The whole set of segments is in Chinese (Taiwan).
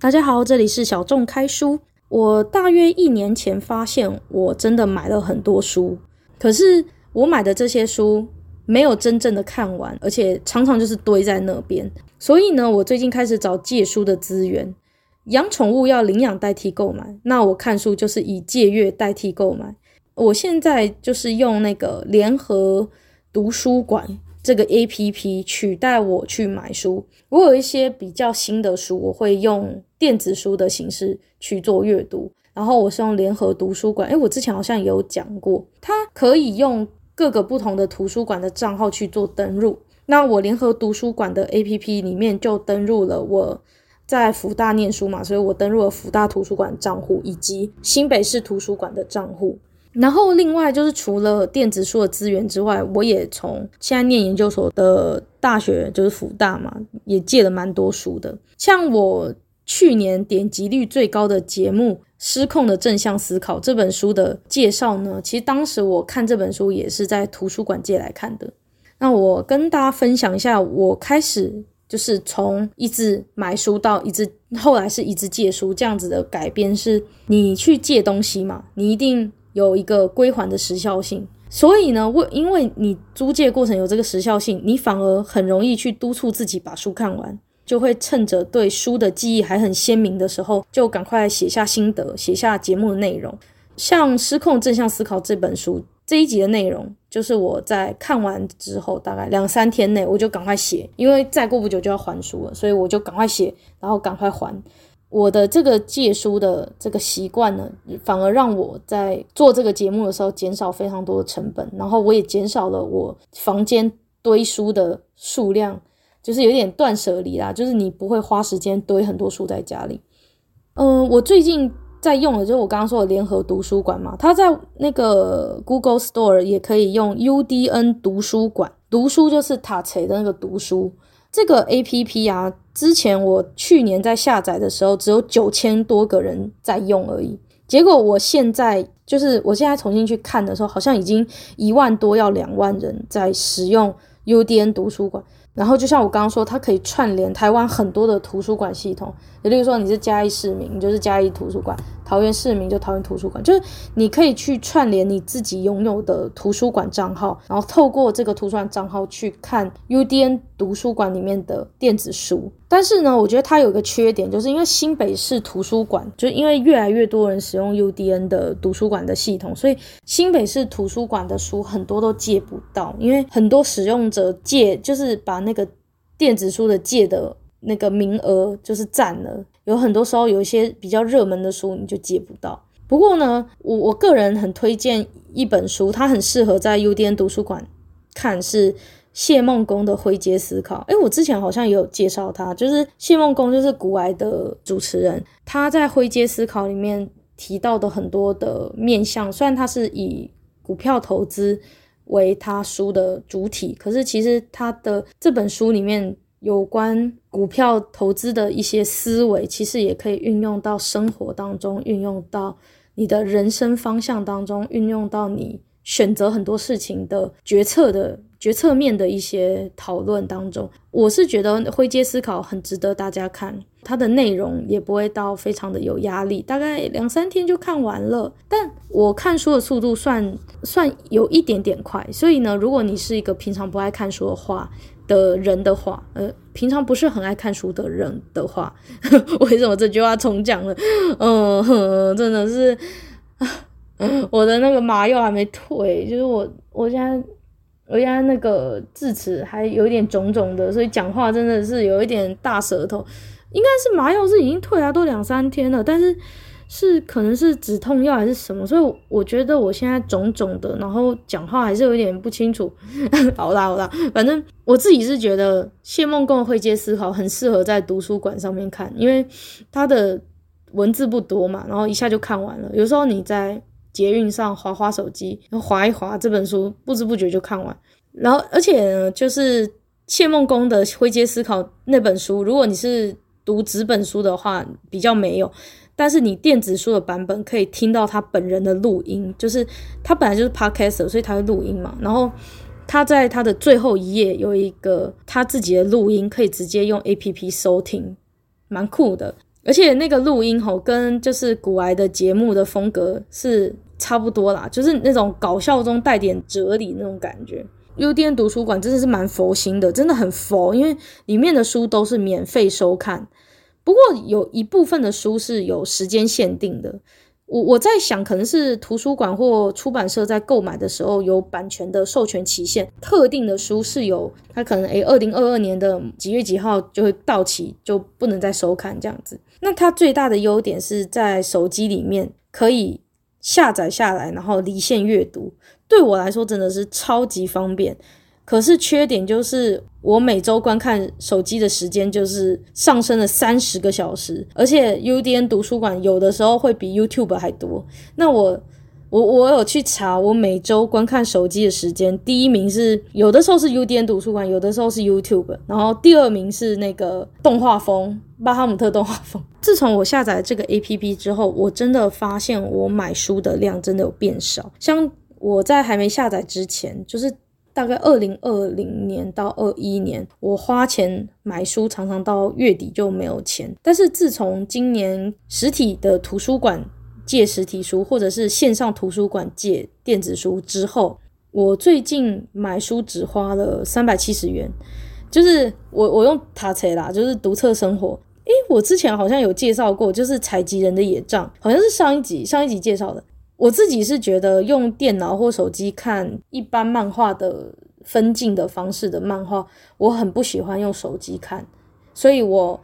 大家好，這裡是小眾開書。我大約一年前發現，我真的買了很多書，可是我買的這些書沒有真正的看完，而且常常就是堆在那邊。所以呢，我最近開始找借書的資源。養寵物要領養代替購買，那我看書就是以借閱代替購買。我現在就是用那個聯合讀書館這個 APP 取代我去買書。我有一些比較新的書，我會用，電子書的形式去做閱讀，然後我是用聯合讀書館，誒，我之前好像也有講過，它可以用各個不同的圖書館的賬號去做登錄。那我聯合讀書館的 APP 裡面就登錄了，我在福大念書嘛，所以我登錄了福大圖書館賬戶以及新北市圖書館的賬戶。然後另外就是除了電子書的資源之外，我也從現在念研究所的大學，就是福大嘛，也借了蠻多書的，像我。去年點擊率最高的節目《失控的正向思考》這本書的介紹呢，其實當時我看這本書也是在圖書館借來看的。那我跟大家分享一下，我開始就是從一直買書到一直，後來是一直借書，這樣子的改變。是你去借東西嘛，你一定有一個歸還的時效性。所以呢，為因為你租借過程有這個時效性，你反而很容易去督促自己把書看完。就會趁着對書的記憶還很鮮明的時候，就趕快寫下心得，寫下節目的內容。像《失控正向思考》這本書，這一集的內容，就是我在看完之後，大概兩三天內，我就趕快寫，因為再過不久就要還書了，所以我就趕快寫，然後趕快還。我的這個借書的這個習慣呢，反而讓我在做這個節目的時候，減少非常多的成本，然後我也減少了我房間堆書的數量。就是有點斷捨離啦，就是你不會花時間堆很多書在家裡。嗯，我最近在用的就是我剛剛說的聯合讀書館嘛，它在那個 Google Store 也可以用 U D N 讀書館讀書，就是塔柴的那個讀書這個 A P P 啊。之前我去年在下載的時候，只有九千多個人在用而已。結果我現在就是我現在重新去看的時候，好像已經一萬多要兩萬人在使用 U D N 讀書館。然後，就像我剛剛說，它可以串聯台灣很多的圖書館系統。也就是說，你是嘉義市民，你就是嘉義圖書館；桃園市民就桃園圖書館，就是你可以去串聯你自己擁有的圖書館賬號，然後透過這個圖書館賬號去看 UDN 圖書館裡面的電子書。但是呢，我覺得它有一個缺點，就是因為新北市圖書館，就因為越來越多人使用 UDN 的圖書館的系統，所以新北市圖書館的書很多都借不到，因為很多使用者借就是把那個電子書的借的。那個名額就是占了，有很多時候有一些比較熱門的書你就借不到。不過呢，我我個人很推薦一本書，它很適合在 U D N 讀書館看，是謝孟恭的《灰階思考》。哎，我之前好像也有介紹他，就是謝孟恭就是股癌的主持人。他在《灰階思考》裡面提到的很多的面向，雖然他是以股票投資為他書的主體，可是其實他的這本書裡面有關股票投資的一些思維，其實也可以運用到生活當中，運用到你的人生方向當中，運用到你選擇很多事情的決策的決策面的一些討論當中。我是覺得灰階思考很值得大家看，它的內容也不會到非常的有壓力，大概兩三天就看完了。但我看書的速度算算有一點點快，所以呢，如果你是一個平常不愛看書的話，的人的話，呃，平常不是很愛看書的人的話，呵呵，為什麼這句話重講了？嗯，真的是，我的那個麻藥還沒退，就是我，我現在，我現在那個智齒還有一點腫腫的，所以講話真的是有一點大舌頭。應該是麻藥是已經退了，啊，都兩三天了，但是。是可能是止痛藥還是什麼，所以我，我覺得我現在腫腫的，然後講話還是有點不清楚。 好啦好啦，反正我自己是覺得謝孟恭的《灰階思考》很適合在圖書館上面看，因為它的文字不多嘛，然後一下就看完了。有時候你在捷運上滑滑手機，滑一滑這本書，不知不覺就看完。然後而且呢，就是謝孟恭的《灰階思考》那本書，如果你是讀紙本書的話，比較沒有。但是你電子書的版本可以聽到他本人的錄音，就是他本來就是 podcaster，所以他會錄音嘛。然後他在他的最後一頁有一個他自己的錄音，可以直接用 A P P 收聽，蠻酷的。而且那個錄音吼，跟就是股癌的節目的風格是差不多啦，就是那種搞笑中帶點哲理那種感覺。udn 讀書館真的是蠻佛心的，真的很佛，因為裡面的書都是免費收看。不過有一部分的書是有時間限定的，我我在想可能是圖書館或出版社在購買的時候有版權的授權期限，特定的書是有它可能哎，二零二二年的幾月幾號就會到期，就不能再收看這樣子。那它最大的優點是在手機裡面可以下載下來，然後離線閱讀，對我來說真的是超級方便。可是缺點就是，我每周觀看手機的時間就是上升了三十個小時，而且 UDN 讀書館有的時候會比 YouTube 還多。那我我我有去查，我每周觀看手機的時間，第一名是有的時候是 UDN 讀書館，有的時候是 YouTube，然後第二名是那個動畫瘋《巴哈姆特動畫瘋》。自從我下載這個 APP 之後，我真的發現我買書的量真的有變少。像我在還沒下載之前，就是。大概二零二零年到二一年，我花錢買書常常到月底就沒有錢。但是自從今年實體的圖書館借實體書，或者是線上圖書館借電子書之後，我最近買書只花了三百七十元。就是我我用塔冊啦，就是讀冊生活。誒，我之前好像有介紹過，就是採集人的野帳，好像是上一集上一集介紹的。我自己是覺得用電腦或手機看一般漫畫的分鏡的方式的漫畫，我很不喜歡用手機看，所以我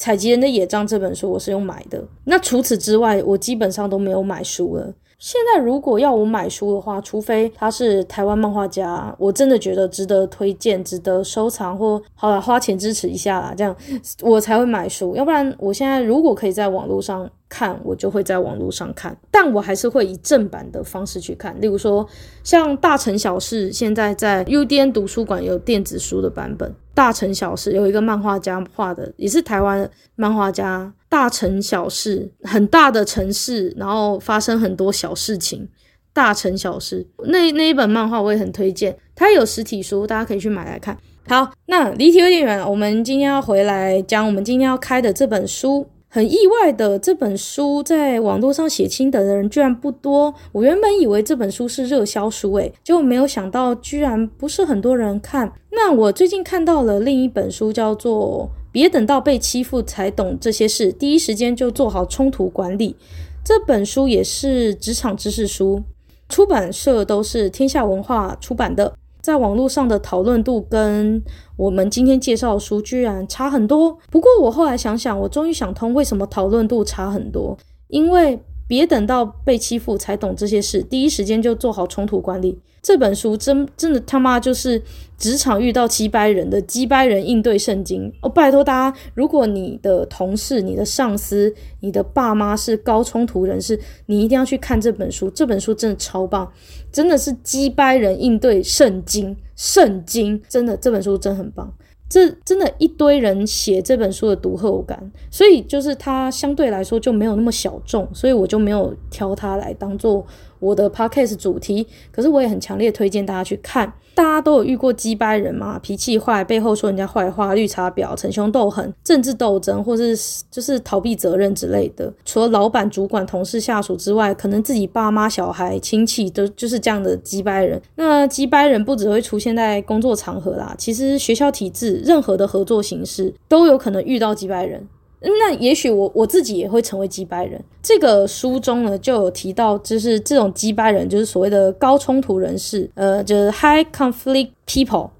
《採集人的野帳》這本書我是用買的。那除此之外，我基本上都沒有買書了。現在如果要我買書的話，除非他是台灣漫畫家，我真的覺得值得推薦、值得收藏或好了花錢支持一下啦，這樣我才會買書。要不然，我現在如果可以在網絡上。看我就會在網絡上看，但我還是會以正版的方式去看。例如說，像《大城小事》現在在 UDN 讀書館有電子書的版本，《大城小事》有一個漫畫家畫的，也是台灣漫畫家，《大城小事》很大的城市，然後發生很多小事情，《大城小事》那那一本漫畫我也很推薦，它有實體書，大家可以去買來看。好，那離題有點遠，我們今天要回來講我們今天要開的這本書。很意外的，這本書在網絡上寫心得的人居然不多。我原本以為這本書是熱銷書，哎，就沒有想到居然不是很多人看。那我最近看到了另一本書，叫做《別等到被欺負才懂這些事》，第一時間就做好衝突管理。這本書也是職場知識書，出版社都是天下文化出版的。在網絡上的討論度跟我們今天介紹的書居然差很多。不過我後來想想，我終於想通為什麼討論度差很多，因為別等到被欺負才懂這些事，第一時間就做好衝突管理。這本書真真的，他媽就是職場遇到機掰人的機掰人應對聖經哦！拜托大家，如果你的同事、你的上司、你的爸媽是高衝突人士，你一定要去看這本書。這本書真的超棒，真的是機掰人應對聖經，聖經真的這本書真的很棒。這真的，一堆人寫這本書的讀後感，所以就是它相對來說就沒有那麼小眾，所以我就沒有挑它來當做我的 podcast 主題。可是我也很強烈推薦大家去看。大家都有遇過機掰人嘛？脾氣壞，背後說人家壞話，綠茶婊，逞兇鬥狠，政治鬥爭，或是就是逃避責任之類的。除了老板、主管、同事、下屬之外，可能自己爸媽、小孩、親戚都就是這樣的機掰人。那機掰人不只會出現在工作場合啦，其實學校體制、任何的合作形式都有可能遇到機掰人。那也許我我自己也會成為機掰人。這個書中呢就有提到，就是這種機掰人，就是所謂的高衝突人士，呃，就是 high conflict people，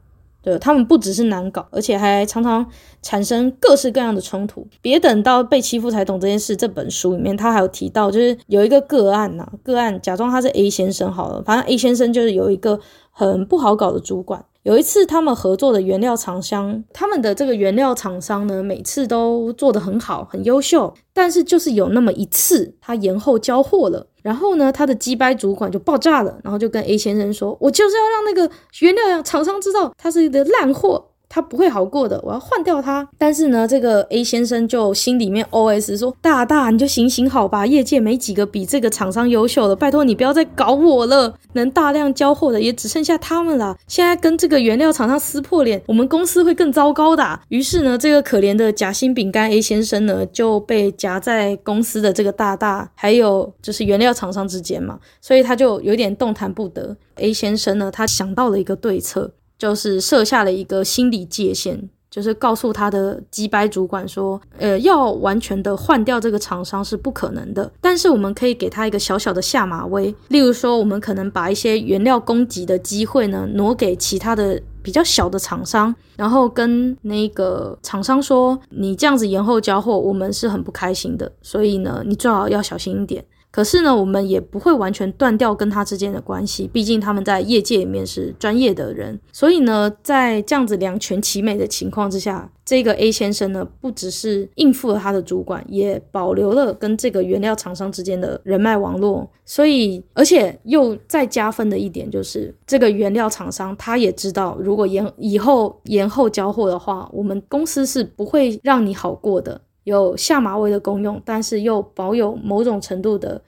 對，他們不只是難搞，而且還常常產生各式各樣的衝突。別等到被欺負才懂這件事。這本書裡面他還有提到，就是有一個個案吶、啊，個案假裝他是 A 先生好了，反正 A 先生就是有一個很不好搞的主管。有一次，他們合作的原料廠商，他們的這個原料廠商呢，每次都做得很好，很優秀，但是就是有那麼一次，他延後交貨了，然後呢，他的機掰主管就爆炸了，然後就跟 A 先生說：“我就是要讓那個原料廠商知道，他是一個爛貨。”他不會好過的，我要換掉他。但是呢，這個 A 先生就心裡面 OS 說：“大大，你就行行好吧，業界沒幾個比這個廠商優秀的，拜託你不要再搞我了。能大量交貨的也只剩下他們啦。現在跟這個原料廠商撕破臉，我們公司會更糟糕的啊。”於是呢，這個可憐的夾心餅乾 A 先生呢就被夾在公司的這個大大還有就是原料廠商之間嘛，所以他就有點動彈不得。A 先生呢，他想到了一個對策。就是設下了一個心理界限，就是告訴他的機掰主管說，呃，要完全的換掉這個廠商是不可能的，但是我們可以給他一個小小的下馬威，例如說，我們可能把一些原料供給的機會呢挪給其他的比較小的廠商，然後跟那個廠商說，你這樣子延後交貨，我們是很不開心的，所以呢，你最好要小心一點。可是呢，我們也不會完全斷掉跟他之間的關係，畢竟他們在業界裡面是專業的人。所以呢，在這樣子兩全其美的情況之下，這個 A 先生呢，不只是應付了他的主管，也保留了跟這個原料廠商之間的人脈網絡。所以，而且又再加分的一點就是，這個原料廠商他也知道，如果延以後延後交貨的話，我們公司是不會讓你好過的。有下馬威的功用，但是又保有某種程度的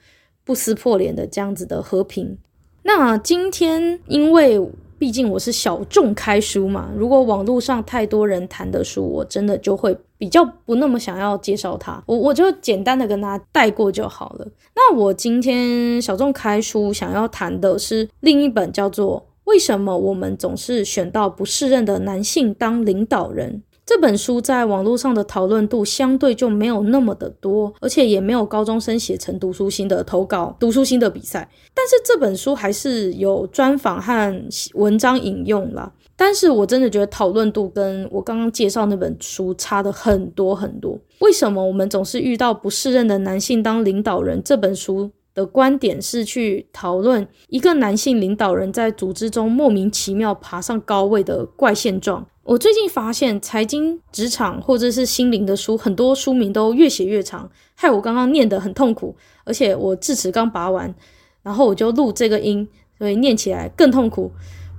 不撕破臉的這樣子的和平。那今天，因為畢竟我是小眾開書嘛，如果網絡上太多人談的書，我真的就會比較不那麼想要介紹它。我我就簡單的跟大家帶過就好了。那我今天小眾開書想要談的是另一本，叫做《為什麼我們總是選到不適任的男性當領導人》。這本書在網絡上的討論度相對就沒有那麼的多，而且也沒有高中生寫成讀書心得投稿，讀書心得比賽。但是這本書還是有專訪和文章引用啦。但是我真的覺得討論度跟我剛剛介紹那本書差得很多很多。為什麼我們總是遇到不適任的男性當領導人？這本書的觀點是去討論一個男性領導人在組織中莫名其妙爬上高位的怪現狀。我最近發現，財經、職場或者是心靈的書，很多書名都越寫越長，害我剛剛念得很痛苦。而且我智齒剛拔完，然後我就錄這個音，所以念起來更痛苦。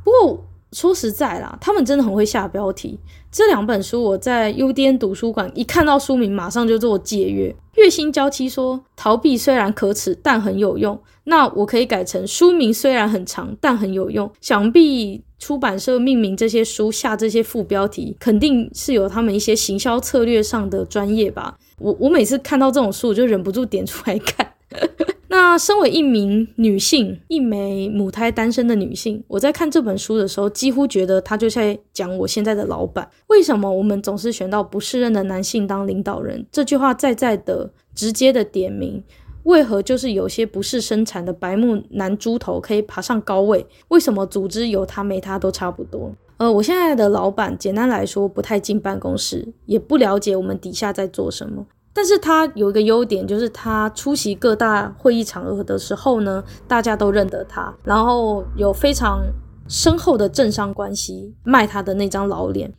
不過，說實在啦，他們真的很會下標題。這兩本書我在 UDN 讀書館一看到書名，馬上就做借閱。月薪嬌妻說：“逃避雖然可恥，但很有用。”那我可以改成書名雖然很長，但很有用。想必出版社命名這些書、下這些副標題，肯定是有他們一些行銷策略上的專業吧。我我每次看到這種書，我就忍不住點出來看。 那身為一名女性，一枚母胎單身的女性，我在看這本書的時候，幾乎覺得她就在講我現在的老闆。為什麼我們總是選到不適任的男性當領導人？這句話在在的、直接的點名，為何就是有些不事生產的白目男豬頭可以爬上高位？為什麼組織有他沒他都差不多？呃，我現在的老闆，簡單來說，不太進辦公室，也不了解我們底下在做什麼。但是他有一個優點，就是他出席各大會議場合的時候呢，大家都認得他，然後有非常深厚的政商關係，賣他的那張老臉。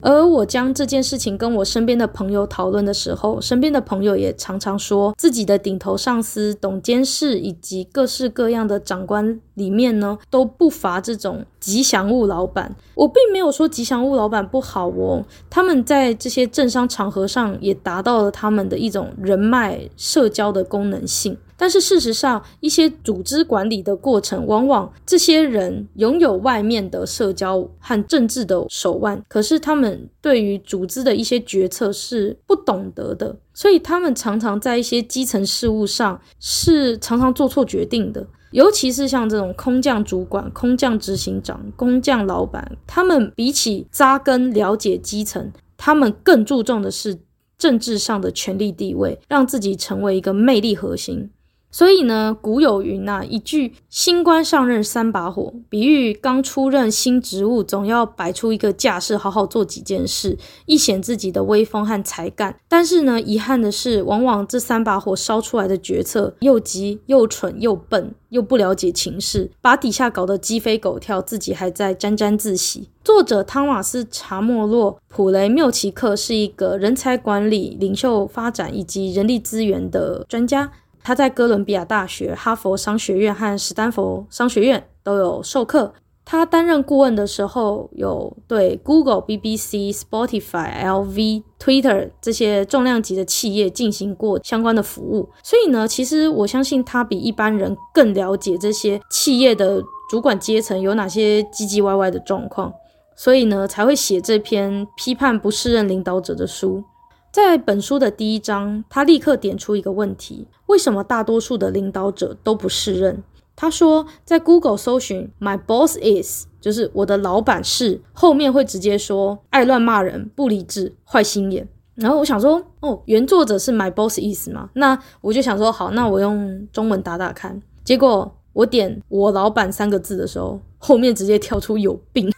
而我將這件事情跟我身邊的朋友討論的時候，身邊的朋友也常常說，自己的頂頭上司、董監事以及各式各樣的長官裡面呢，都不乏這種吉祥物老板。我並沒有說吉祥物老板不好哦，他們在這些政商場合上也達到了他們的一種人脈社交的功能性。但是事實上，一些組織管理的過程，往往這些人擁有外面的社交和政治的手腕，可是他們對於組織的一些決策是不懂得的，所以他們常常在一些基層事務上是常常做錯決定的。尤其是像這種空降主管、空降執行長、空降老板，他們比起紮根了解基層，他們更注重的是政治上的權力地位，讓自己成為一個魅力核心。所以呢，古有云啊，一句新官上任三把火，比喻剛出任新職務，總要擺出一個架勢，好好做幾件事，以顯自己的威風和才幹。但是呢，遺憾的是，往往這三把火燒出來的決策又急又蠢又笨，又不了解情勢，把底下搞得雞飛狗跳，自己還在沾沾自喜。作者湯瑪斯查莫洛普雷繆奇克是一個人才管理、領袖發展以及人力資源的專家。他在哥倫比亞大學、哈佛商學院和史丹佛商學院都有授課。他擔任顧問的時候，有對 Google、BBC、Spotify、LV、Twitter 這些重量級的企業進行過相關的服務。所以呢，其實我相信他比一般人更了解這些企業的主管階層有哪些唧唧歪歪的狀況。所以呢，才會寫這篇批判不適任領導者的書。在本書的第一章，他立刻點出一個問題：為什麼大多數的領導者都不適任？他說，在 Google 搜尋 “my boss is”，就是我的老板是，後面會直接說愛亂罵人、不理智、壞心眼。然後我想說，哦，原作者是 “my boss is” 嘛，那我就想說，好，那我用中文打打看。結果我點“我老板”三個字的時候，後面直接跳出有病。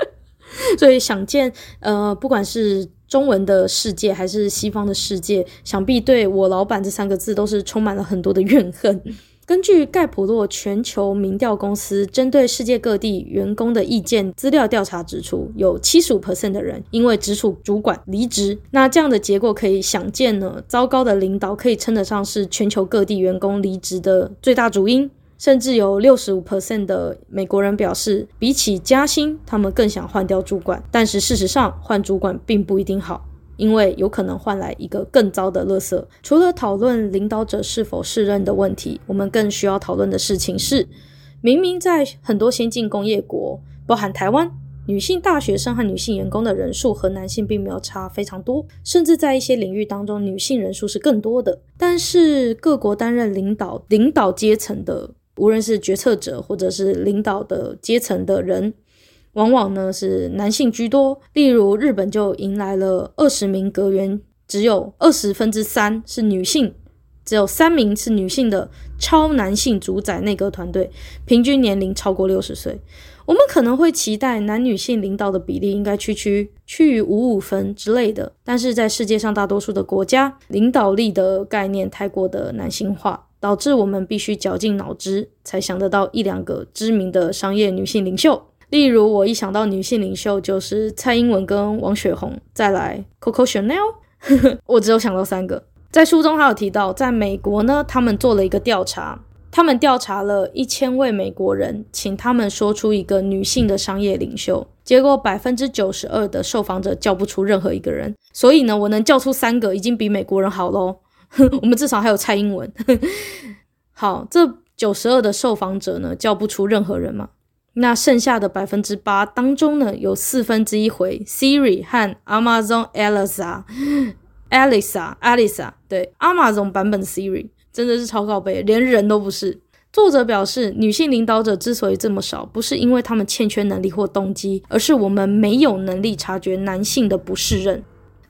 所以想見，呃，不管是。中文的世界還是西方的世界，想必對我老板這三個字都是充滿了很多的怨恨。 根據蓋普洛全球民調公司針對世界各地員工的意見資料調查指出，有七十五 percent 的人因為直屬主管離職。那這樣的結果可以想見呢，糟糕的領導可以稱得上是全球各地員工離職的最大主因。甚至有六十五 percent 的美國人表示，比起加薪，他們更想換掉主管。但是事實上，換主管並不一定好，因為有可能換來一個更糟的垃圾。除了討論領導者是否適任的問題，我們更需要討論的事情是：明明在很多先進工業國，包含台灣，女性大學生和女性員工的人數和男性並沒有差非常多，甚至在一些領域當中，女性人數是更多的。但是各國擔任領導領導階層的無論是決策者或者是領導的階層的人，往往呢是男性居多。例如日本就迎來了二十名閣員，只有二十分之三是女性，只有三名是女性的超男性主宰內閣團隊，平均年齡超過六十歲。我們可能會期待男女性領導的比例應該趨趨趨於五五分之類的，但是在世界上大多數的國家，領導力的概念太過的男性化。導致我們必須絞盡腦汁才想得到一兩個知名的商業女性領袖。例如，我一想到女性領袖就是蔡英文跟王雪紅，再來 Coco Chanel， 我只有想到三個。在書中還有提到，在美國呢，他們做了一個調查，他們調查了一千位美國人，請他們說出一個女性的商業領袖，結果百分之九十二的受訪者叫不出任何一個人。所以呢，我能叫出三個，已經比美國人好嘍。 我們至少還有蔡英文。 好，這九十二的受訪者呢，叫不出任何人嘛？那剩下的百分之八當中呢，有四分之一回 Siri 和 Amazon Alexa，Alexa，Alexa。對，Amazon 版本的 Siri 真的是超靠背，連人都不是。作者表示，女性領導者之所以這麼少，不是因為他們欠缺能力或動機，而是我們沒有能力察覺男性的不適任。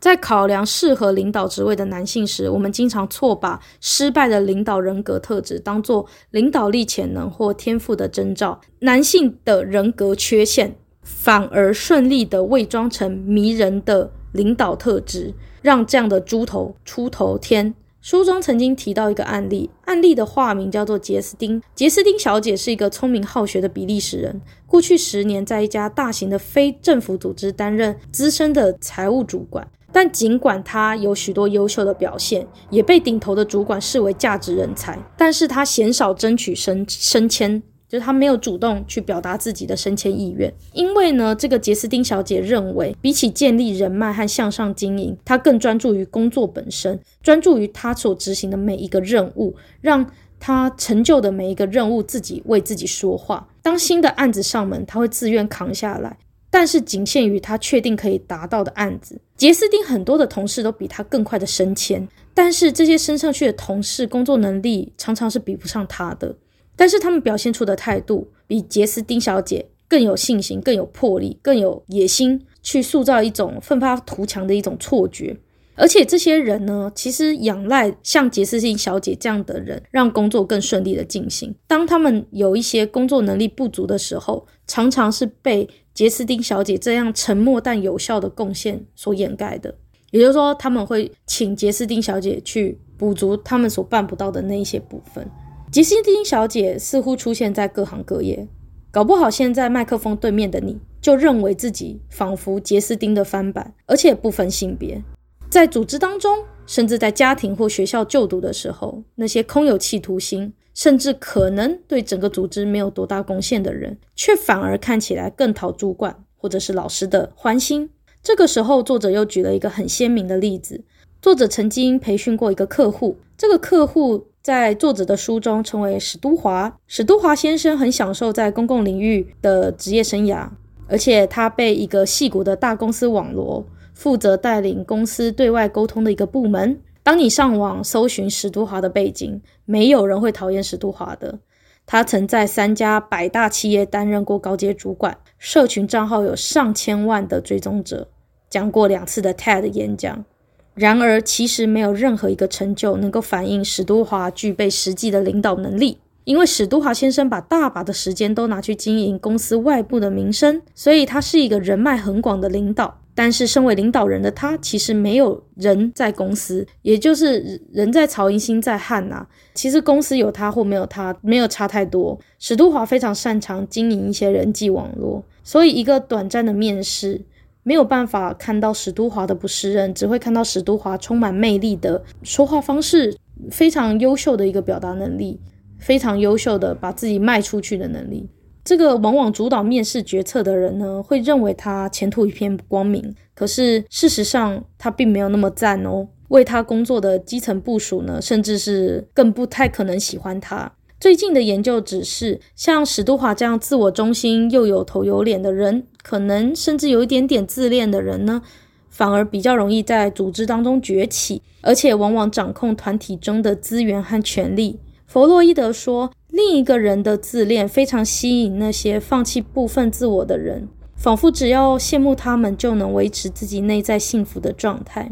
在考量適合領導職位的男性時，我們經常錯把失敗的領導人格特質當作領導力潛能或天賦的徵兆。男性的人格缺陷反而順利地偽裝成迷人的領導特質，讓這樣的豬頭出頭天。書中曾經提到一個案例，案例的化名叫做傑斯丁。傑斯丁小姐是一個聰明好學的比利時人，過去十年在一家大型的非政府組織擔任資深的財務主管。但儘管他有許多優秀的表現，也被頂頭的主管視為價值人才，但是他鮮少爭取升升遷，就是他沒有主動去表達自己的升遷意願。因為呢，這個傑斯丁小姐認為，比起建立人脈和向上經營，她更專注於工作本身，專注於她所執行的每一個任務，讓她成就的每一個任務自己為自己說話。當新的案子上門，她會自願扛下來。但是僅限於他確定可以達到的案子。傑斯丁很多的同事都比他更快的升遷，但是這些升上去的同事工作能力常常是比不上他的。但是他們表現出的態度比傑斯丁小姐更有信心、更有魄力、更有野心，去塑造一種奮發圖強的一種錯覺。而且這些人呢，其實仰賴像傑斯丁小姐這樣的人，讓工作更順利的進行。當他們有一些工作能力不足的時候，常常是被。傑斯丁小姐這樣沉默但有效的貢獻所掩蓋的，也就是說，他們會請傑斯丁小姐去補足他們所辦不到的那一些部分。傑斯丁小姐似乎出現在各行各業，搞不好現在麥克風對面的你就認為自己仿佛傑斯丁的翻版，而且不分性別，在組織當中，甚至在家庭或學校就讀的時候，那些空有企圖心，甚至可能對整個組織沒有多大貢獻的人，卻反而看起來更討主管或者是老師的歡心。這個時候，作者又舉了一個很鮮明的例子。作者曾經培訓過一個客戶，這個客戶在作者的書中稱為史都華。史都華先生很享受在公共領域的職業生涯，而且他被一個矽谷的大公司網羅，負責帶領公司對外溝通的一個部門。當你上網搜尋史都華的背景，沒有人會討厭史都華的。他曾在三家百大企業擔任過高階主管，社群賬號有上千萬的追蹤者，講過兩次的 TED 演講。然而，其實沒有任何一個成就能夠反映史都華具備實際的領導能力，因為史都華先生把大把的時間都拿去經營公司外部的名聲，所以他是一個人脈很廣的領導。但是，身為領導人的他，其實沒有人在公司，也就是人在曹營心在漢吶啊。其實公司有他或沒有他，沒有差太多。史都華非常擅長經營一些人際網絡，所以一個短暫的面試沒有辦法看到史都華的不適任，只會看到史都華充滿魅力的說話方式，非常優秀的一個表達能力，非常優秀的把自己賣出去的能力。這個往往主導面試決策的人呢，會認為他前途一片光明。可是事實上，他並沒有那麼讚哦。為他工作的基層部署呢，甚至是更不太可能喜歡他。最近的研究指示，像史都華這樣自我中心又有頭有臉的人，可能甚至有一點點自戀的人呢，反而比較容易在組織當中崛起，而且往往掌控團體中的資源和權力。弗洛伊德說。另一個人的自戀非常吸引那些放棄部分自我的人，仿佛只要羨慕他們，就能維持自己內在幸福的狀態。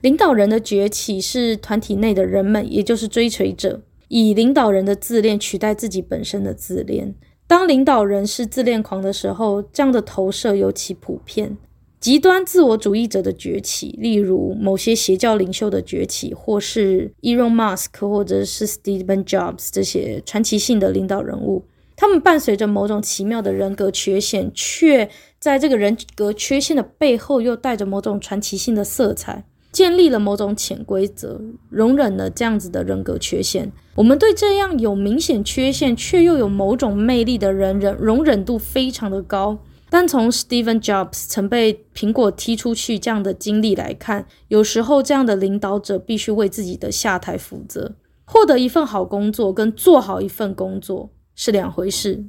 領導人的崛起是團體內的人們，也就是追隨者，以領導人的自戀取代自己本身的自戀。當領導人是自戀狂的時候，這樣的投射尤其普遍。極端自我主義者的崛起，例如某些邪教領袖的崛起，或是 Elon Musk，或者是 Steven Jobs 這些傳奇性的領導人物，他們伴隨着某種奇妙的人格缺陷，卻在這個人格缺陷的背後又帶着某種傳奇性的色彩，建立了某種潛規則，容忍了這樣子的人格缺陷。我們對這樣有明顯缺陷卻又有某種魅力的人，忍容忍度非常的高。但從 Steven Jobs 曾被蘋果踢出去這樣的經歷來看，有時候這樣的領導者必須為自己的下台負責。獲得一份好工作跟做好一份工作是兩回事。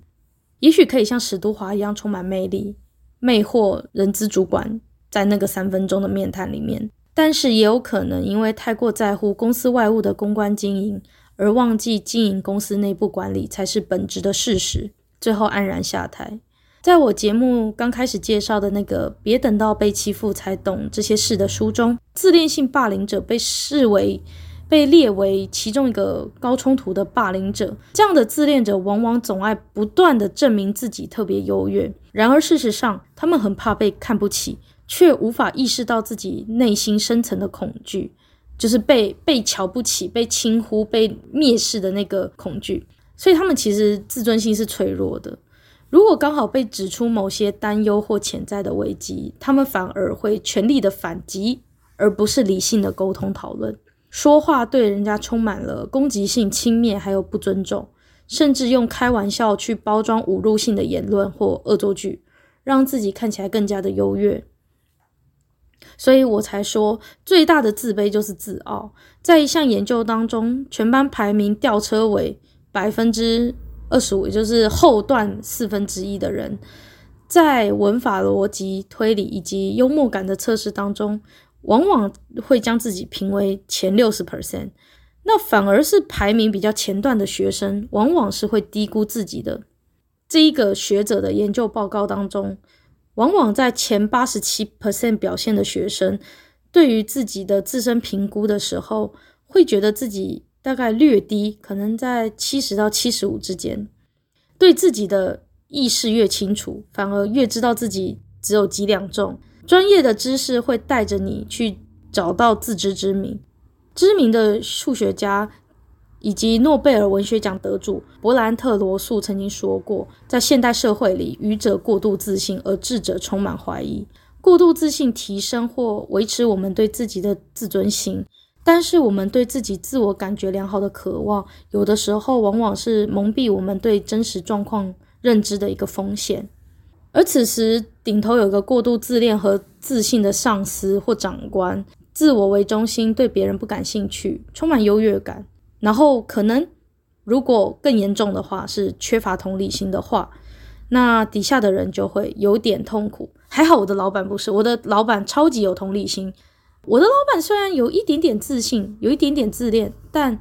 也許可以像史都華一樣充滿魅力，魅惑人資主管在那個三分鐘的面談裡面，但是也有可能因為太過在乎公司外務的公關經營，而忘記經營公司內部管理才是本質的事實，最後黯然下台。在我節目剛開始介紹的那個《別等到被欺負才懂這些事》的書中，自戀性霸凌者被視為被列為其中一個高衝突的霸凌者。這樣的自戀者往往總愛不斷的證明自己特別優越，然而事實上，他們很怕被看不起，卻無法意識到自己內心深層的恐懼，就是被被瞧不起、被輕忽、被蔑視的那個恐懼。所以他們其實自尊心是脆弱的。如果剛好被指出某些擔憂或潛在的危機，他們反而會全力的反擊，而不是理性的溝通討論。說話對人家充滿了攻擊性、輕蔑，還有不尊重，甚至用開玩笑去包裝侮辱性的言論或惡作劇，讓自己看起來更加的優越。所以我才說，最大的自卑就是自傲。在一項研究當中，全班排名吊車尾百分之。二十五，也就是後段四分之一的人，在文法、邏輯、推理以及幽默感的測試當中，往往會將自己評為前六十 percent。那反而是排名比較前段的學生，往往是會低估自己的。這一個學者的研究報告當中，往往在前八十七 percent 表現的學生，對於自己的自身評估的時候，會覺得自己。大概略低，可能在七十到七十五之間。對自己的意識越清楚，反而越知道自己只有幾兩重。專業的知識會帶着你去找到自知之明。知名的數學家以及諾貝爾文學獎得主勃蘭特·羅素曾經說過，在現代社會裡，愚者過度自信，而智者充滿懷疑。過度自信提升或維持我們對自己的自尊心。但是我們對自己自我感覺良好的渴望，有的時候往往是蒙蔽我們對真實狀況認知的一個風險。而此時頂頭有一個過度自戀和自信的上司或長官，自我為中心，對別人不感興趣，充滿優越感。然後可能如果更嚴重的話，是缺乏同理心的話，那底下的人就會有點痛苦。還好我的老闆不是，我的老闆超級有同理心。我的老闆雖然有一點點自信，有一點點自戀，但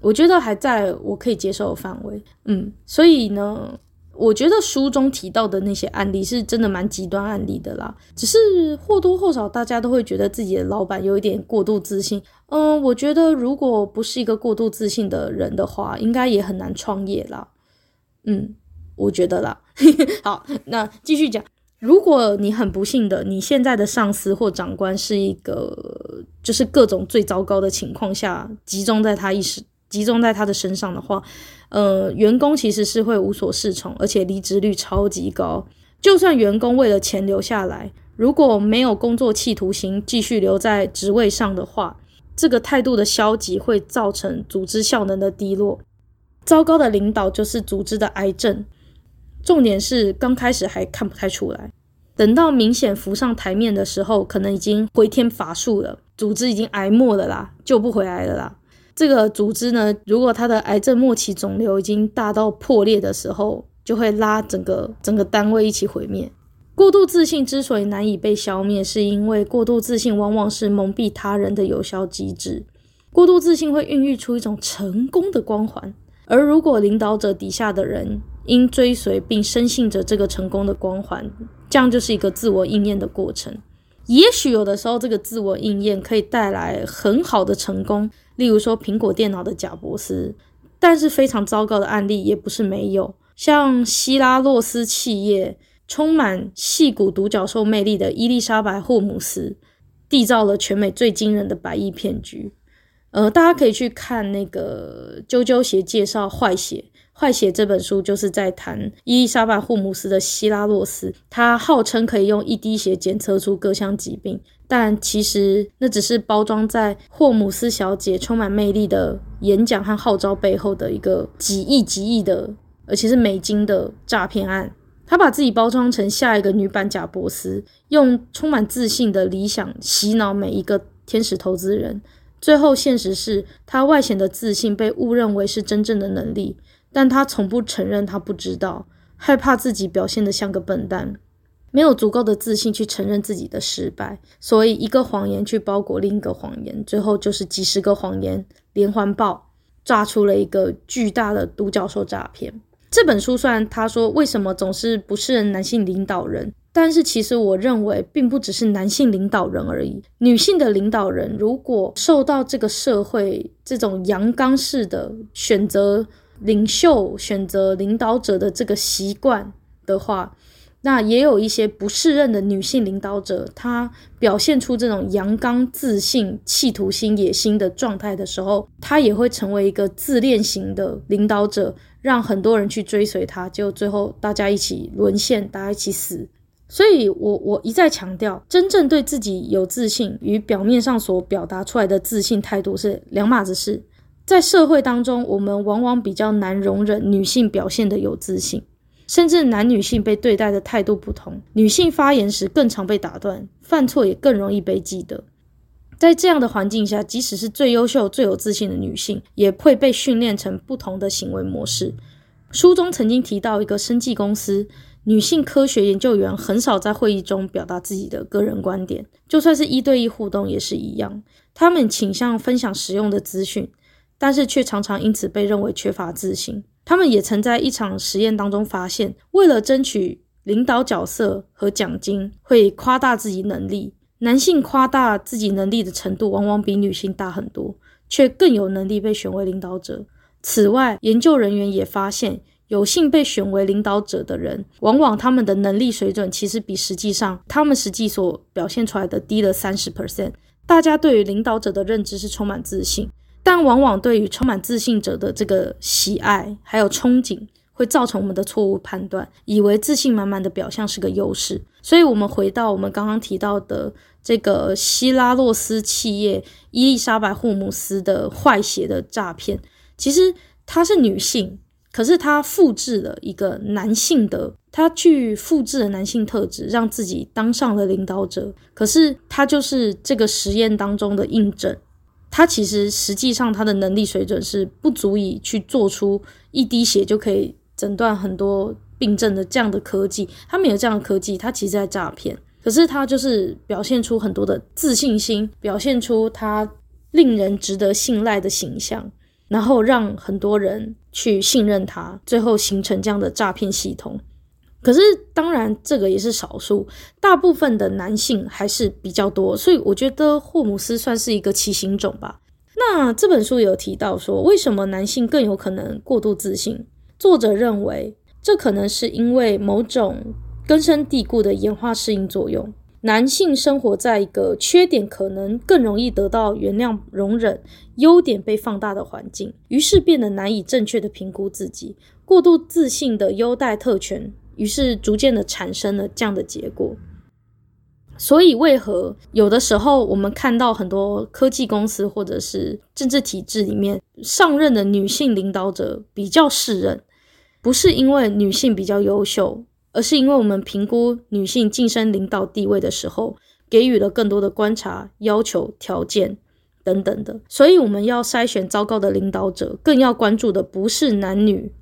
我覺得還在我可以接受的範圍。嗯，所以呢，我覺得書中提到的那些案例是真的蠻極端案例的啦。只是或多或少，大家都會覺得自己的老闆有一點過度自信。嗯，我覺得如果不是一個過度自信的人的話，應該也很難創業啦。嗯，我覺得啦。 好，那繼續講。如果你很不幸的，你現在的上司或長官是一個，就是各種最糟糕的情況下，集中在他一時，集中在他的身上的話，呃，員工其實是會無所適從，而且離職率超級高。就算員工為了錢留下來，如果沒有工作企圖心繼續留在職位上的話，這個態度的消極會造成組織效能的低落。糟糕的領導就是組織的癌症。重點是剛開始還看不太出來，等到明顯浮上台面的時候，可能已經回天乏術了。組織已經癌末了啦，救不回來了啦。這個組織呢，如果它的癌症末期腫瘤已經大到破裂的時候，就會拉整個整個單位一起毀滅。過度自信之所以難以被消滅，是因為過度自信往往是蒙蔽他人的有效機制。過度自信會孕育出一種成功的光環，而如果領導者底下的人，因追隨並深信着這個成功的光環，這樣就是一個自我應驗的過程。也許有的時候，這個自我應驗可以帶來很好的成功，例如說蘋果電腦的賈伯斯。但是非常糟糕的案例也不是沒有，像希拉洛斯企業，充滿矽谷獨角獸魅力的伊麗莎白霍姆斯，締造了全美最驚人的百億騙局。呃，大家可以去看那個啾啾鞋介紹壞鞋。壞血這本書就是在談伊麗莎白·霍姆斯的希拉洛斯，她號稱可以用一滴血檢測出各項疾病，但其實那只是包裝在霍姆斯小姐充滿魅力的演講和號召背後的一個幾億、幾億的，而且是美金的詐騙案。她把自己包裝成下一個女版賈伯斯，用充滿自信的理想洗腦每一個天使投資人。最後，現實是她外顯的自信被誤認為是真正的能力。但他從不承認他不知道，害怕自己表現得像個笨蛋，沒有足夠的自信去承認自己的失敗，所以一個謊言去包裹另一個謊言，最後就是幾十個謊言連環爆，炸出了一個巨大的獨角獸詐騙。這本書雖然他說為什麼總是不適任男性領導人？但是其實我認為並不只是男性領導人而已，女性的領導人如果受到這個社會這種陽剛式的選擇。領袖選擇領導者的這個習慣的話，那也有一些不適任的女性領導者，她表現出這種陽剛、自信、企圖心、野心的狀態的時候，她也會成為一個自戀型的領導者，讓很多人去追隨她，就最後大家一起淪陷，大家一起死。所以我，我我一再強調，真正對自己有自信，與表面上所表達出來的自信態度是兩碼子事。在社會當中，我們往往比較難容忍女性表現的有自信，甚至男女性被對待的態度不同。女性發言時更常被打斷，犯錯也更容易被記得。在這樣的環境下，即使是最優秀、最有自信的女性，也會被訓練成不同的行為模式。書中曾經提到一個生技公司，女性科學研究員很少在會議中表達自己的個人觀點，就算是一對一互動也是一樣。他們傾向分享實用的資訊。但是卻常常因此被認為缺乏自信。他們也曾在一場實驗當中發現，為了爭取領導角色和獎金，會誇大自己能力。男性誇大自己能力的程度往往比女性大很多，卻更有能力被選為領導者。此外，研究人員也發現，有幸被選為領導者的人，往往他們的能力水準其實比實際上他們實際所表現出來的低了三十 percent。大家對於領導者的認知是充滿自信。但往往對於充滿自信者的這個喜愛還有憧憬，會造成我們的錯誤判斷，以為自信滿滿的表象是個優勢。所以，我們回到我們剛剛提到的這個希拉洛斯企業伊麗莎白·霍姆斯的壞血的詐騙，其實她是女性，可是她複製了一個男性的，她去複製了男性特質，讓自己當上了領導者。可是她就是這個實驗當中的印證。他其實實際上他的能力水準是不足以去做出一滴血就可以診斷很多病症的這樣的科技，他沒有這樣的科技，他其實在詐騙。可是他就是表現出很多的自信心，表現出他令人值得信賴的形象，然後讓很多人去信任他，最後形成這樣的詐騙系統。可是，當然，這個也是少數，大部分的男性還是比較多，所以我覺得霍姆斯算是一個奇行種吧。那這本書有提到說，為什麼男性更有可能過度自信？作者認為，這可能是因為某種根深蒂固的演化適應作用。男性生活在一個缺點可能更容易得到原諒、容忍，優點被放大的環境，於是變得難以正確地評估自己，過度自信的優待特權。於是逐漸的產生了這樣的結果。所以，為何有的時候我們看到很多科技公司或者是政治體制裡面上任的女性領導者比較適任，不是因為女性比較優秀，而是因為我們評估女性晉升領導地位的時候，給予了更多的觀察、要求、條件等等的。所以，我們要篩選糟糕的領導者，更要關注的不是男女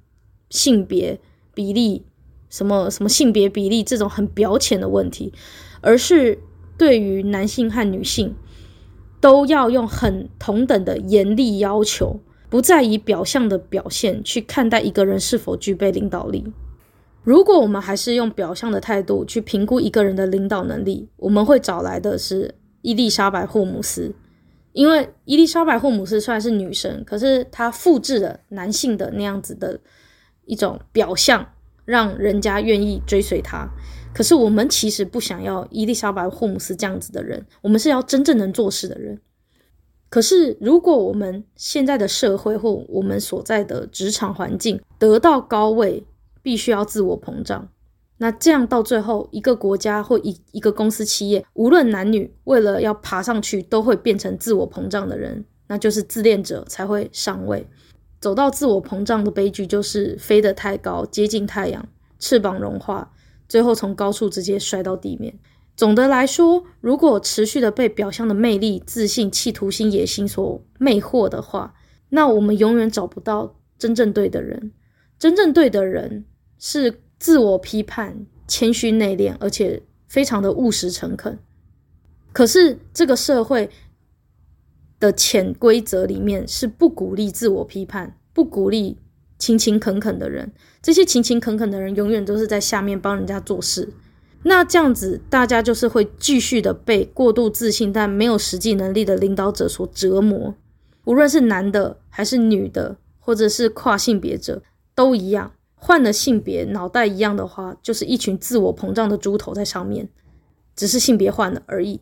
性別比例。什麼什麼性別比例，這種很表淺的問題，而是對於男性和女性都要用很同等的嚴厲要求，不再以表象的表現去看待一個人是否具備領導力。如果我們還是用表象的態度去評估一個人的領導能力，我們會找來的是伊麗莎白·霍姆斯，因為伊麗莎白·霍姆斯雖然是女生，可是她複製了男性的那樣子的一種表象。讓人家願意追隨他，可是我們其實不想要伊麗莎白·霍姆斯這樣子的人，我們是要真正能做事的人。可是如果我們現在的社會或我們所在的職場環境得到高位，必須要自我膨脹，那這樣到最後，一個國家或一一個公司企業，無論男女，為了要爬上去，都會變成自我膨脹的人，那就是自戀者才會上位。走到自我膨脹的悲劇，就是飛得太高，接近太陽，翅膀融化，最後從高處直接摔到地面。總的來說，如果持續的被表象的魅力、自信、企圖心、野心所魅惑的話，那我們永遠找不到真正對的人。真正對的人是自我批判、謙虛內斂，而且非常的務實誠懇。可是這個社會，的潛規則裡面是不鼓勵自我批判，不鼓勵勤，勤勤懇懇的人。這些勤勤懇懇的人永遠都是在下面幫人家做事。那這樣子，大家就是會繼續的被過度自信但沒有實際能力的領導者所折磨。無論是男的還是女的，或者是跨性別者，都一樣。換了性別，腦袋一樣的話，就是一群自我膨脹的豬頭在上面，只是性別換了而已。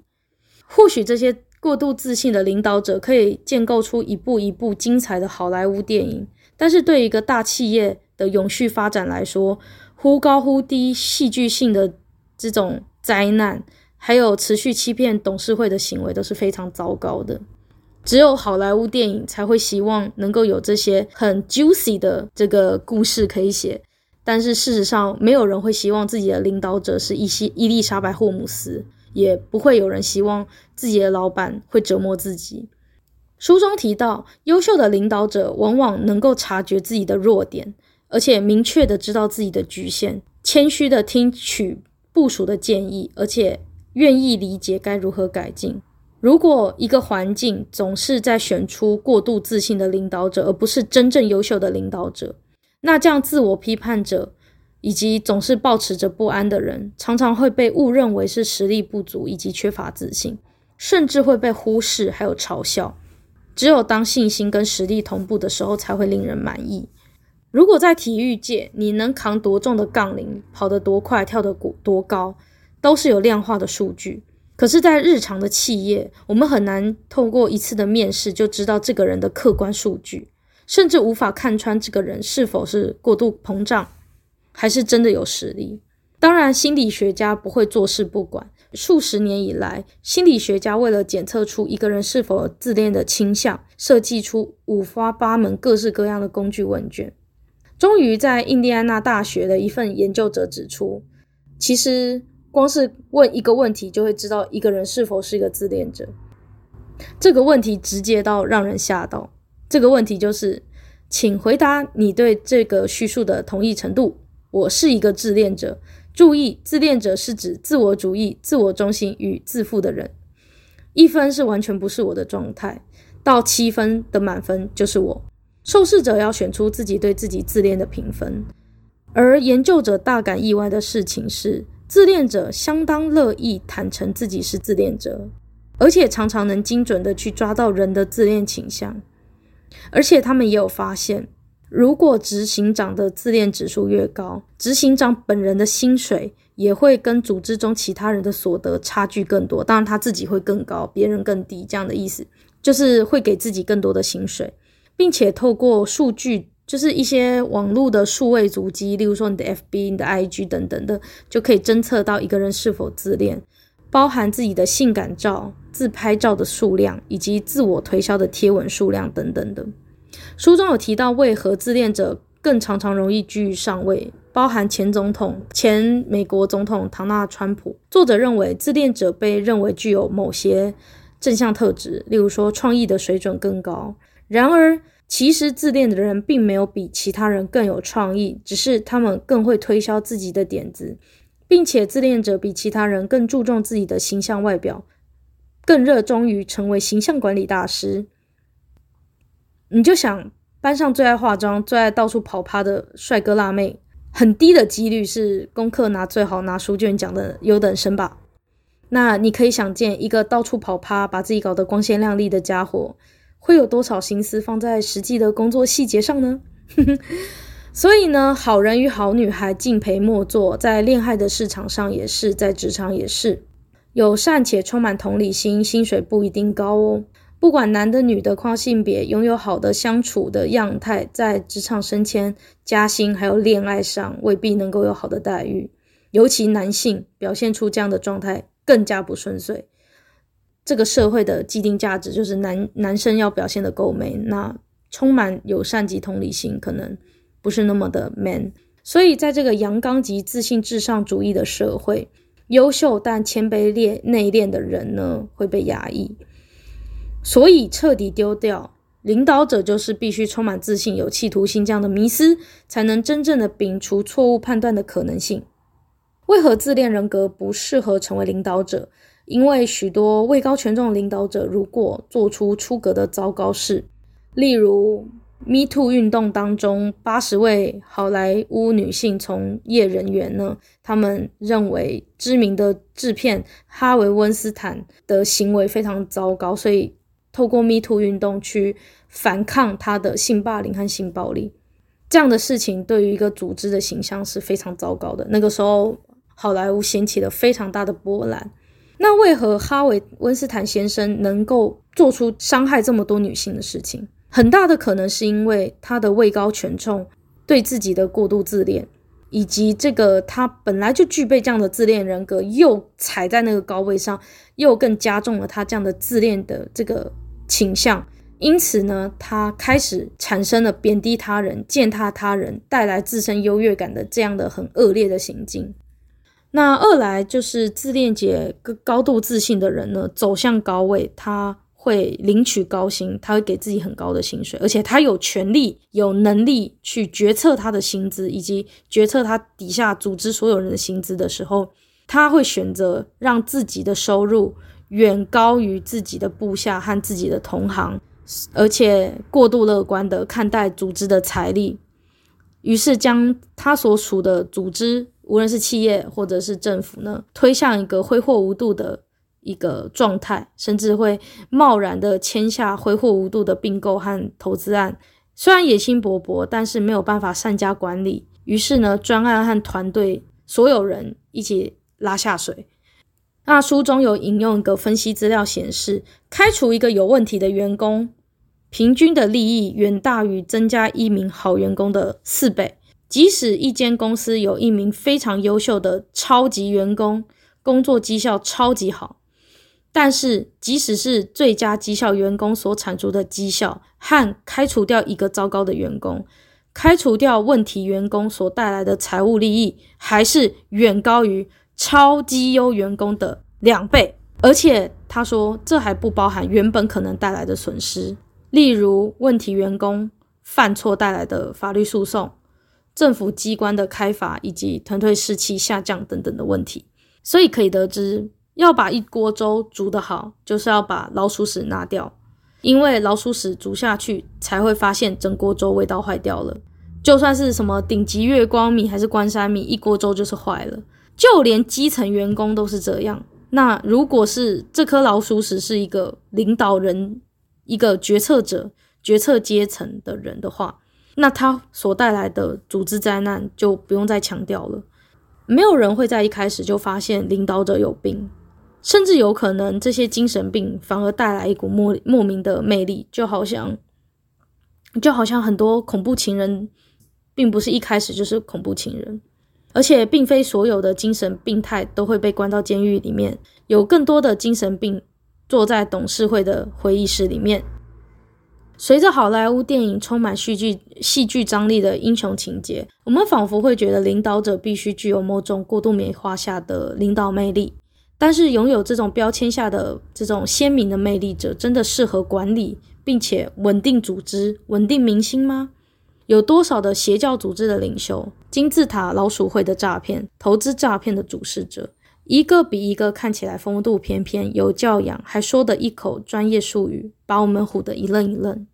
或許這些。過度自信的領導者可以建構出一部一部精彩的好萊塢電影，但是對一個大企業的永續發展來說，忽高忽低、戲劇性的這種災難，還有持續欺騙董事會的行為都是非常糟糕的。只有好萊塢電影才會希望能夠有這些很 juicy 的這個故事可以寫，但是事實上，沒有人會希望自己的領導者是伊西伊麗莎白霍姆斯。也不會有人希望自己的老闆會折磨自己。書中提到，優秀的領導者往往能夠察覺自己的弱點，而且明確的知道自己的局限，謙虛的聽取部屬的建議，而且願意理解該如何改進。如果一個環境總是在選出過度自信的領導者，而不是真正優秀的領導者，那這樣自我批判者，以及總是抱持著不安的人，常常會被誤認為是實力不足以及缺乏自信，甚至會被忽視還有嘲笑。只有當信心跟實力同步的時候，才會令人滿意。如果在體育界，你能扛多重的槓鈴，跑得多快，跳得多高，都是有量化的數據。可是，在日常的企業，我們很難透過一次的面試就知道這個人的客觀數據，甚至無法看穿這個人是否是過度膨脹。還是真的有實力？當然，心理學家不會坐視不管。數十年以來，心理學家為了檢測出一個人是否自戀的傾向，設計出五花八門、各式各樣的工具問卷。終於，在印第安納大學的一份研究者指出，其實光是問一個問題，就會知道一個人是否是一個自戀者。這個問題直接到讓人嚇到。這個問題就是，請回答你對這個敘述的同意程度。我是一個自戀者。注意，自戀者是指自我主義、自我中心與自負的人。一分是完全不是我的狀態，到七分的滿分就是我。受試者要選出自己對自己自戀的評分。而研究者大感意外的事情是，自戀者相當樂意坦誠自己是自戀者，而且常常能精準地去抓到人的自戀傾向。而且他們也有發現。如果執行長的自戀指數越高，執行長本人的薪水也會跟組織中其他人的所得差距更多，當然他自己會更高，別人更低，這樣的意思就是會給自己更多的薪水，並且透過數據，就是一些網絡的數位足跡，例如說你的 FB、你的 IG 等等的，就可以偵測到一個人是否自戀，包含自己的性感照、自拍照的數量，以及自我推銷的貼文數量等等的。書中有提到，為何自戀者更常常容易居於上位，包含前總統、前美國總統唐納·川普。作者認為，自戀者被認為具有某些正向特質，例如說創意的水準更高。然而，其實自戀的人並沒有比其他人更有創意，只是他們更會推銷自己的點子，並且自戀者比其他人更注重自己的形象外表，更熱衷於成為形象管理大師。你就想班上最愛化妝、最愛到處跑趴的帥哥辣妹，很低的幾率是功課拿最好、拿書卷獎的優等生吧？那你可以想見，一個到處跑趴、把自己搞得光鮮亮麗的家伙，會有多少心思放在實際的工作細節上呢？哼哼。所以呢，好人與好女孩敬陪末座，在戀愛的市場上也是，在職場也是，友善且充滿同理心，薪水不一定高哦。不管男的女的，跨性別擁有好的相處的樣態，在職場升遷、加薪，還有戀愛上，未必能夠有好的待遇。尤其男性表現出這樣的狀態，更加不順遂。這個社會的既定價值就是男男生要表現得夠 man，那充滿友善及同理心，可能不是那麼的 man。所以，在這個陽剛及自信至上主義的社會，優秀但謙卑、內斂的人呢，會被壓抑。所以徹底丟掉領導者就是必須充滿自信、有企圖心這樣的迷思，才能真正的摒除錯誤判斷的可能性。為何自戀人格不適合成為領導者？因為許多位高權重的領導者，如果做出出出格的糟糕事，例如 Me Too 運動當中八十位好萊塢女性從業人員呢，他們認為知名的製片哈維·溫斯坦的行為非常糟糕，所以。透過 Me Too 運動去反抗他的性霸凌和性暴力，這樣的事情對於一個組織的形象是非常糟糕的。那個時候，好萊塢掀起了非常大的波瀾。那為何哈維·溫斯坦先生能夠做出傷害這麼多女性的事情？很大的可能是因為他的位高權重，對自己的過度自戀，以及這個他本來就具備這樣的自戀人格，又踩在那個高位上，又更加重了他這樣的自戀的這個。傾向，因此呢，他開始產生了貶低他人、踐踏他人、帶來自身優越感的這樣的很惡劣的行徑。那二來就是自戀者、高度自信的人呢，走向高位，他會領取高薪，他會給自己很高的薪水，而且他有權利、有能力去決策他的薪資，以及決策他底下組織所有人的薪資的時候，他會選擇讓自己的收入。遠高於自己的部下和自己的同行，而且過度樂觀的看待組織的財力，於是將他所處的組織，無論是企業或者是政府呢，推向一個揮霍無度的一個狀態，甚至會貿然的簽下揮霍無度的併購和投資案。雖然野心勃勃，但是沒有辦法善加管理，於是呢，專案和團隊所有人一起拉下水。那書中有引用一個分析資料顯示，開除一個有問題的員工，平均的利益遠大於增加一名好員工的四倍。即使一間公司有一名非常優秀的超級員工，工作績效超級好，但是即使是最佳績效員工所產出的績效，和開除掉一個糟糕的員工，開除掉問題員工所帶來的財務利益，還是遠高於。超績優員工的兩倍，而且他說這還不包含原本可能帶來的損失，例如問題員工犯錯帶來的法律訴訟、政府機關的開罰以及團隊士氣下降等等的問題。所以可以得知，要把一鍋粥煮得好，就是要把老鼠屎拿掉，因為老鼠屎煮下去才會發現整鍋粥味道壞掉了。就算是什麼頂級月光米還是關山米，一鍋粥就是壞了。就連基層員工都是這樣。那如果是這顆老鼠屎是一個領導人、一個決策者、決策階層的人的話，那他所帶來的組織災難就不用再強調了。沒有人會在一開始就發現領導者有病，甚至有可能這些精神病反而帶來一股莫莫名的魅力，就好像就好像很多恐怖情人，並不是一開始就是恐怖情人。而且，並非所有的精神病態都會被關到監獄裡面，有更多的精神病坐在董事會的會議室裡面。隨着好萊塢電影充滿戲劇戲劇張力的英雄情節，我們仿佛會覺得領導者必須具有某種過度美化下的領導魅力。但是，擁有這種標籤下的這種鮮明的魅力者，真的適合管理並且穩定組織、穩定民心嗎？有多少的邪教組織的領袖？金字塔老鼠會的詐騙，投資詐騙的主事者，一個比一個看起來風度翩翩、有教養，還說得一口專業術語，把我們唬得一愣一愣。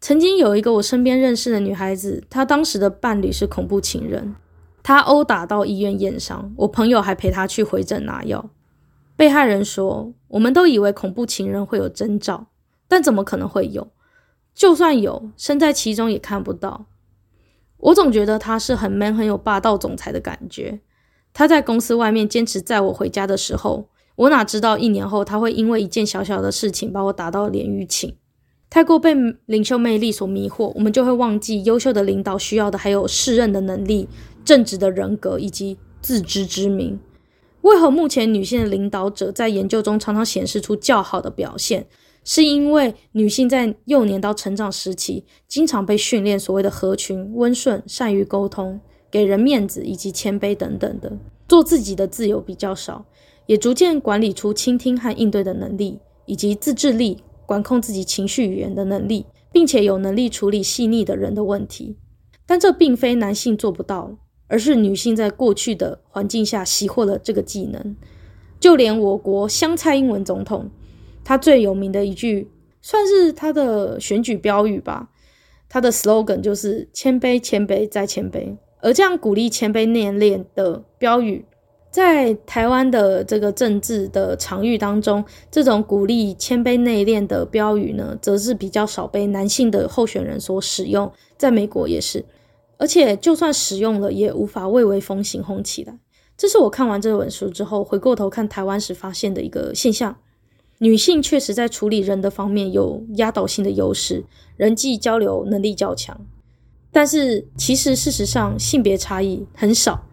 曾經有一個我身邊認識的女孩子，她當時的伴侶是恐怖情人，她毆打到醫院驗傷，我朋友還陪她去回診拿藥。被害人說，我們都以為恐怖情人會有徵兆，但怎麼可能會有？就算有，身在其中也看不到。我總覺得他是很 man，很有霸道總裁的感覺。他在公司外面堅持載我回家的時候，我哪知道一年後他會因為一件小小的事情把我打到臉瘀青。太過被領袖魅力所迷惑，我們就會忘記優秀的領導需要的還有適任的能力、正直的人格以及自知之明。為何目前女性的領導者在研究中常常顯示出較好的表現？是因為女性在幼年到成長時期，經常被訓練所謂的合群、溫順、善於溝通、給人面子以及謙卑等等的，做自己的自由比較少，也逐漸管理出傾聽和應對的能力，以及自制力、管控自己情緒語言的能力，並且有能力處理細膩的人的問題。但這並非男性做不到，而是女性在過去的環境下習獲了這個技能。就連我國蔡英文總統。他最有名的一句，算是他的選舉標語吧。他的 slogan 就是“謙卑，謙卑，再謙卑”。而這樣鼓勵謙卑內斂的標語，在台灣的這個政治的場域當中，這種鼓勵謙卑內斂的標語呢，則是比較少被男性的候選人所使用。在美國也是，而且就算使用了，也無法蔚為風行紅起來。這是我看完這本書之後，回過頭看台灣時發現的一個現象。女性確實在處理人的方面有壓倒性的優勢，人際交流能力較強。但是，其實事實上性別差異很少，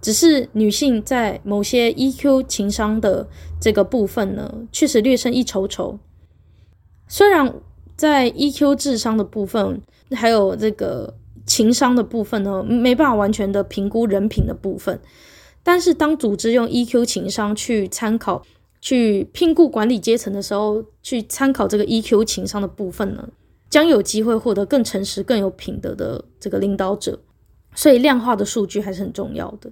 只是女性在某些 EQ 情商的這個部分呢，確實略勝一籌籌。雖然在 EQ 智商的部分，還有這個情商的部分呢，沒辦法完全的評估人品的部分。但是，當組織用 EQ 情商去參考。去聘僱管理階層的時候，去參考這個 EQ 情商的部分呢，將有機會獲得更誠實、更有品德的這個領導者。所以量化的數據還是很重要的。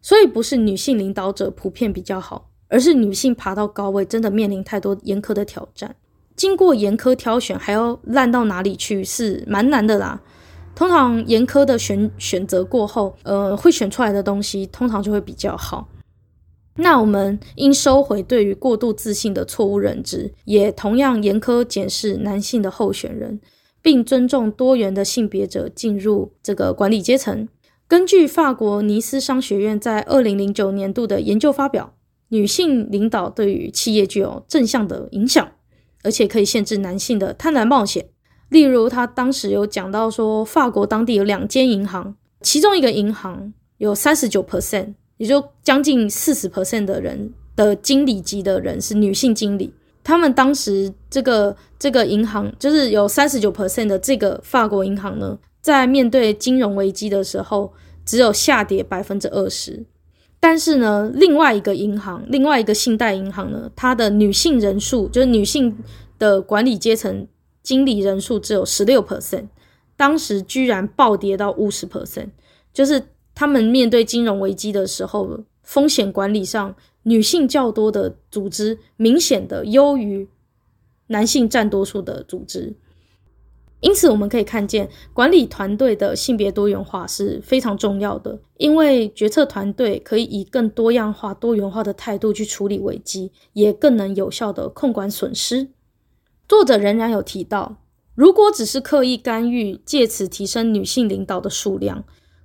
所以不是女性領導者普遍比較好，而是女性爬到高位真的面臨太多嚴苛的挑戰。經過嚴苛挑選，還要爛到哪裡去是蠻難的啦。通常嚴苛的選選擇過後，呃，會選出來的東西通常就會比較好。那我們應收回對於過度自信的錯誤認知，也同樣嚴苛檢視男性的候選人，並尊重多元的性別者進入這個管理階層。根據法國尼斯商學院在二零零九年度的研究發表，女性領導對於企業具有正向的影響，而且可以限制男性的貪婪冒險。例如，他當時有講到說，法國當地有兩間銀行，其中一個銀行有三十九 percent。也就將近四十 percent 的人，的經理級的人是女性經理。他們當時這個這個銀行，就是有三十九 percent 的這個法國銀行呢，在面對金融危機的時候，只有下跌百分之二十。但是呢，另外一個銀行，另外一個信貸銀行呢，它的女性人數，就是女性的管理階層經理人數只有十六 percent，當時居然暴跌到五十 percent，就是。他們面對金融危機的時候，風險管理上女性較多的組織明顯的優於男性佔多數的組織。因此，我們可以看見管理團隊的性別多元化是非常重要的，因為決策團隊可以以更多樣化、多元化的態度去處理危機，也更能有效的控管損失。作者仍然有提到，如果只是刻意干預，借此提升女性領導的數量。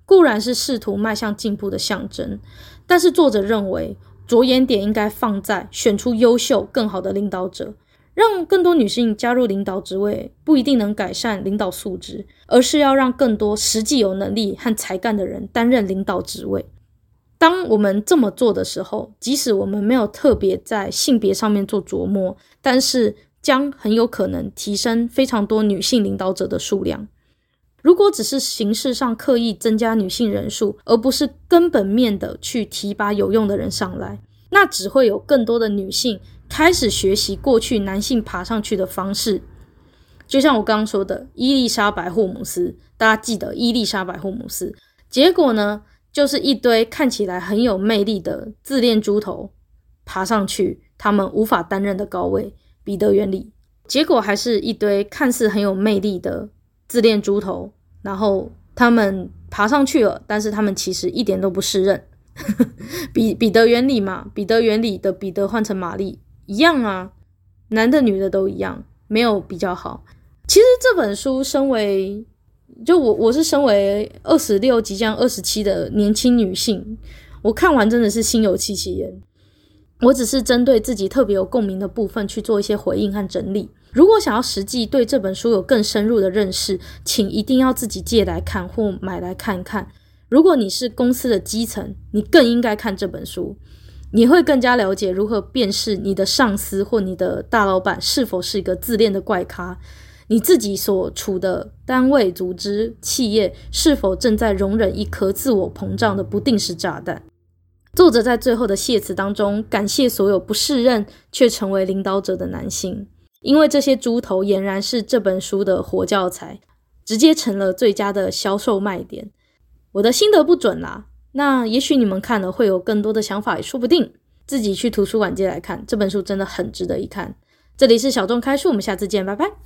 固然是試圖邁向進步的象徵，但是作者認為，着眼點應該放在選出優秀、更好的領導者，讓更多女性加入領導職位，不一定能改善領導素質，而是要讓更多實際有能力和才幹的人擔任領導職位。當我們這麼做的時候，即使我們沒有特別在性別上面做琢磨，但是將很有可能提升非常多女性領導者的數量。如果只是形式上刻意增加女性人數，而不是根本面的去提拔有用的人上來，那只會有更多的女性開始學習過去男性爬上去的方式。就像我剛剛說的，伊麗莎白·霍姆斯，大家記得伊麗莎白·霍姆斯。結果呢，就是一堆看起來很有魅力的自戀豬頭爬上去，他們無法擔任的高位。彼得原理，結果還是一堆看似很有魅力的。自戀豬頭，然後他們爬上去了，但是他們其實一點都不適任， 彼彼得原理嘛，彼得原理的彼得換成瑪麗一樣啊，男的女的都一樣，沒有比較好。其實這本書，身為就我我是身為二十六即將二十七的年輕女性，我看完真的是心有戚戚焉。我只是針對自己特別有共鳴的部分去做一些回應和整理。如果想要實際對這本書有更深入的認識，請一定要自己借來看或買來看看。如果你是公司的基層，你更應該看這本書，你會更加了解如何辨識你的上司或你的大老闆是否是一個自戀的怪咖，你自己所處的單位、組織、企業是否正在容忍一顆自我膨脹的不定時炸彈。作者在最後的謝詞當中，感謝所有不適任卻成為領導者的男性，因為這些豬頭儼然是這本書的活教材，直接成了最佳的銷售賣點。我的心得不準啦，那也許你們看了會有更多的想法，也說不定。自己去圖書館借來看這本書，真的很值得一看。這裡是小眾開書，我們下次見，拜拜。